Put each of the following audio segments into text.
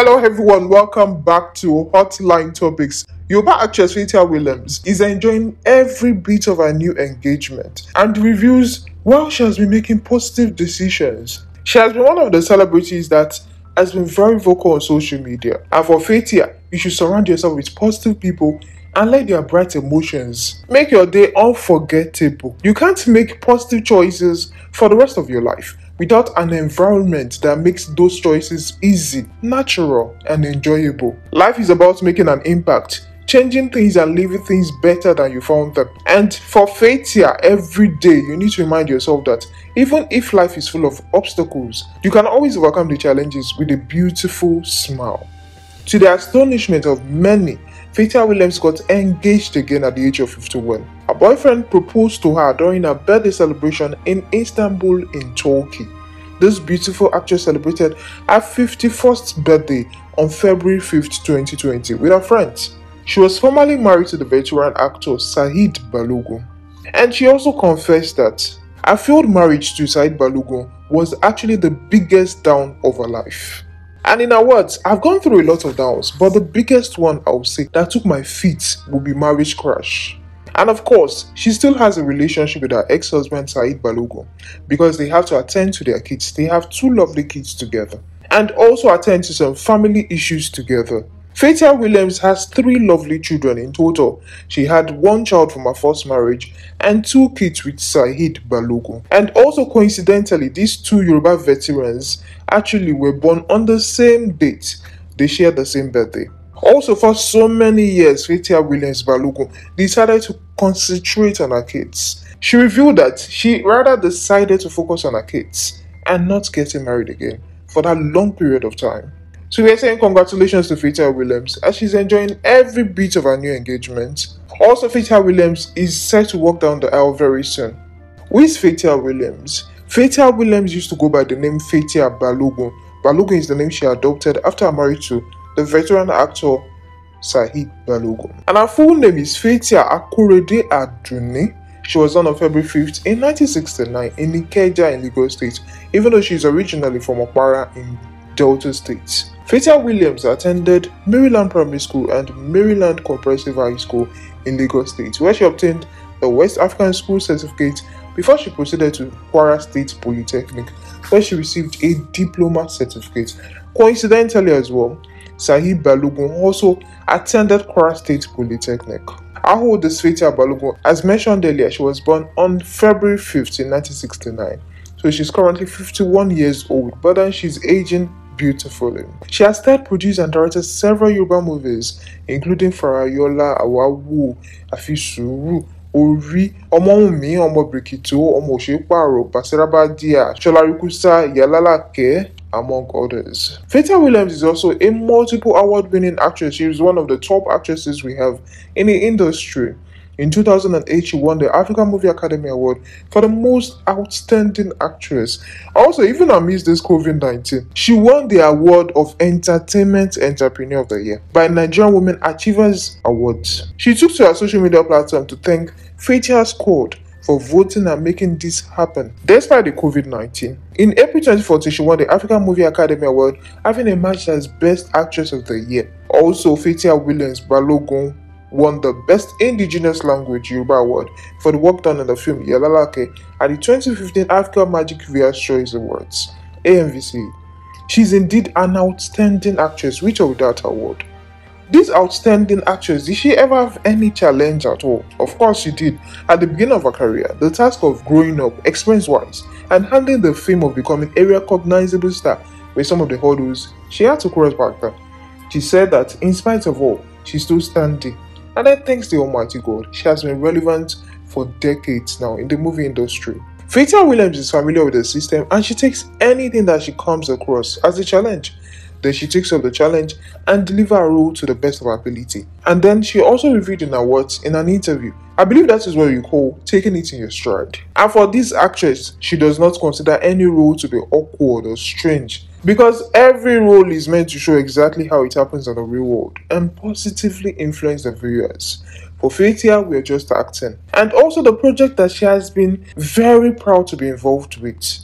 Hello everyone, welcome back to Hotline Topics. Yoba actress Fatia Williams is enjoying every bit of her new engagement and reviews while she has been making positive decisions. She has been one of the celebrities that has been very vocal on social media. And for Fatia, you should surround yourself with positive people and let their bright emotions make your day unforgettable. You can't make positive choices for the rest of your life without an environment that makes those choices easy, natural, and enjoyable. Life is about making an impact. Changing things and leaving things better than you found them. And for failure every day, you need to remind yourself that even if life is full of obstacles, you can always overcome the challenges with a beautiful smile. To the astonishment of many, Fatia Williams got engaged again at the age of 51 boyfriend proposed to her during a birthday celebration in Istanbul in Turkey. This beautiful actress celebrated her 51st birthday on February 5, 2020 with her friends. She was formerly married to the veteran actor Sahid Balogun. And she also confessed that her failed marriage to Sahid Balogun was actually the biggest down of her life. And in her words, I've gone through a lot of downs, but the biggest one I would say that took my feet would be marriage crash. And of course, she still has a relationship with her ex husband Said Balogo, because they have to attend to their kids. They have two lovely kids together and also attend to some family issues together. Fatia Williams has three lovely children in total. She had one child from her first marriage and two kids with Saeed Balogo. And also coincidentally, these two Yoruba veterans actually were born on the same date. They share the same birthday. Also, for so many years, Fatia Williams Balogun decided to concentrate on her kids. She revealed that she rather decided to focus on her kids and not getting married again for that long period of time. So we're saying congratulations to Fita Williams as she's enjoying every bit of her new engagement. Also, Fita Williams is set to walk down the aisle very soon. Who is Fita Williams? Fita Williams used to go by the name Fita Balogun. Balogun is the name she adopted after her marriage to the veteran actor Sahid Balogun. And her full name is Fetia Akurede Aduni. She was born on February 5th in 1969 in Ikeja in Lagos State, even though she is originally from Opara in Delta State. Fetia Williams attended Maryland Primary School and Maryland Comprehensive High School in Lagos State, where she obtained the West African School Certificate before she proceeded to Kwara State Polytechnic, where she received a diploma certificate. Coincidentally, as well, Sahib Balogun also attended Kwara State Polytechnic. Ahu Desvetia Balogun, as mentioned earlier, she was born on February 15, 1969. So she's currently 51 years old, but then she's aging beautifully. She has starred, produced, and directed several Yoruba movies, including Farayola, Awawu, Afisuru, Ori, Ọmọwunmi, Ọmọbìrìkìtò, Ọmọ Òṣèpàrọ̀, Basiraba Dia, Ṣọlárìkúsá, Ìyálálàkẹ́, among others. Feta Williams is also a multiple award winning actress. She is one of the top actresses we have in the industry. In 2008, she won the African Movie Academy Award for the most outstanding actress. Also, even amidst this COVID 19, she won the award of Entertainment Entrepreneur of the Year by Nigerian Women Achievers Awards. She took to her social media platform to thank Fetia's Squad for voting and making this happen. Despite the COVID 19, in April 2014, she won the African Movie Academy Award, having emerged as Best Actress of the Year. Also, Fetia Williams Balogun won the Best Indigenous Language Yoruba Award for the work done in the film Yalalake at the 2015 Africa Magic Viewers Choice Awards, AMVC. She is indeed an outstanding actress, which or without award. This outstanding actress, did she ever have any challenge at all? Of course she did. At the beginning of her career, the task of growing up experience-wise and handling the fame of becoming a recognizable star with some of the hurdles she had to cross back then. She said that in spite of all, she's still standing. And that thanks to Almighty God, she has been relevant for decades now in the movie industry. Fita Williams is familiar with the system and she takes anything that she comes across as a challenge. Then she takes up the challenge and deliver her role to the best of her ability. And then she also revealed in her words in an interview. I believe that is what you call taking it in your stride. And for this actress, she does not consider any role to be awkward or strange because every role is meant to show exactly how it happens in the real world and positively influence the viewers. For Fatia, we are just acting. And also the project that she has been very proud to be involved with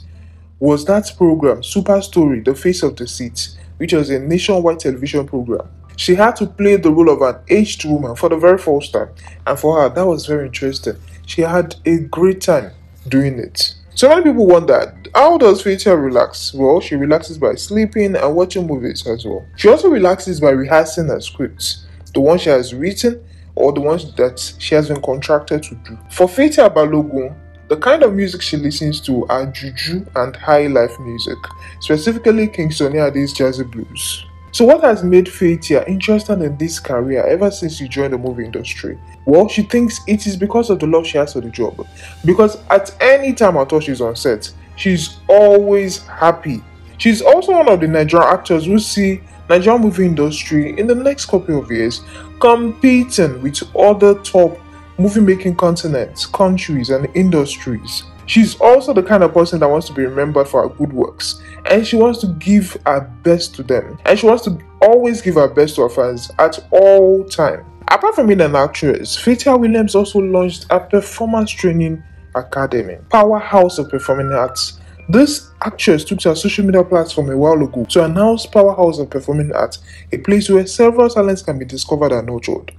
was that program, Super Story The Face of the Seat, which was a nationwide television program. She had to play the role of an aged woman for the very first time, and for her, that was very interesting. She had a great time doing it. So many people wonder how does Fatia relax? Well, she relaxes by sleeping and watching movies as well. She also relaxes by rehearsing her scripts, the ones she has written or the ones that she has been contracted to do. For Fatia Balogun, the kind of music she listens to are juju and high life music, specifically King Sonia Ade's jazzy blues. So, what has made Feitia interested in this career ever since she joined the movie industry? Well, she thinks it is because of the love she has for the job. Because at any time at all she's on set, she's always happy. She's also one of the Nigerian actors who see Nigerian movie industry in the next couple of years competing with other top movie making continents, countries, and industries. She's also the kind of person that wants to be remembered for her good works, and she wants to give her best to them, and she wants to always give her best to her fans at all time. Apart from being an actress, Fatia Williams also launched a performance training academy, Powerhouse of Performing Arts. This actress took to her social media platform a while ago to announce Powerhouse of Performing Arts, a place where several talents can be discovered and nurtured.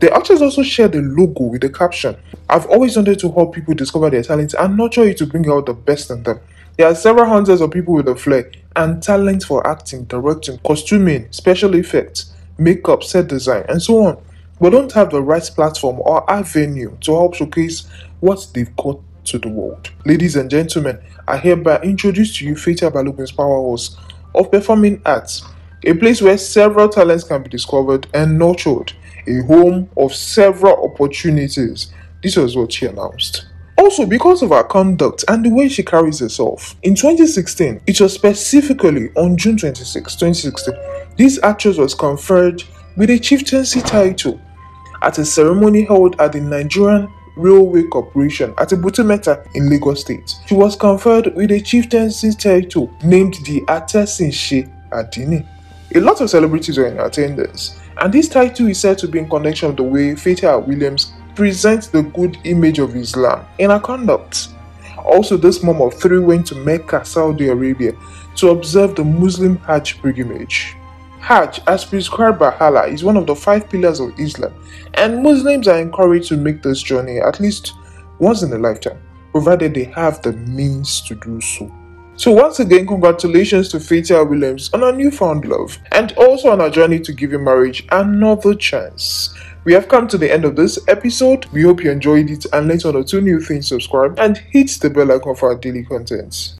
The actors also share the logo with the caption I've always wanted to help people discover their talents and nurture it to bring out the best in them. There are several hundreds of people with a flair and talent for acting, directing, costuming, special effects, makeup, set design, and so on, but don't have the right platform or avenue to help showcase what they've got to the world. Ladies and gentlemen, I hereby introduce to you by Balogun's powerhouse of performing arts, a place where several talents can be discovered and nurtured a home of several opportunities. This was what she announced. Also, because of her conduct and the way she carries herself, in 2016, it was specifically on June 26, 2016, this actress was conferred with a chieftaincy title at a ceremony held at the Nigerian Railway Corporation at Ibutimeta in Lagos State. She was conferred with a chieftaincy title named the Atesinse Adini. A lot of celebrities were in attendance, and this title is said to be in connection with the way Fatih Williams presents the good image of Islam in her conduct. Also, this mom of three went to Mecca, Saudi Arabia, to observe the Muslim Hajj pilgrimage. Hajj, as prescribed by Allah, is one of the five pillars of Islam, and Muslims are encouraged to make this journey at least once in a lifetime, provided they have the means to do so. So once again, congratulations to Fatia Williams on her newfound love and also on her journey to giving marriage another chance. We have come to the end of this episode. We hope you enjoyed it and learned one or two new things. Subscribe and hit the bell icon for our daily content.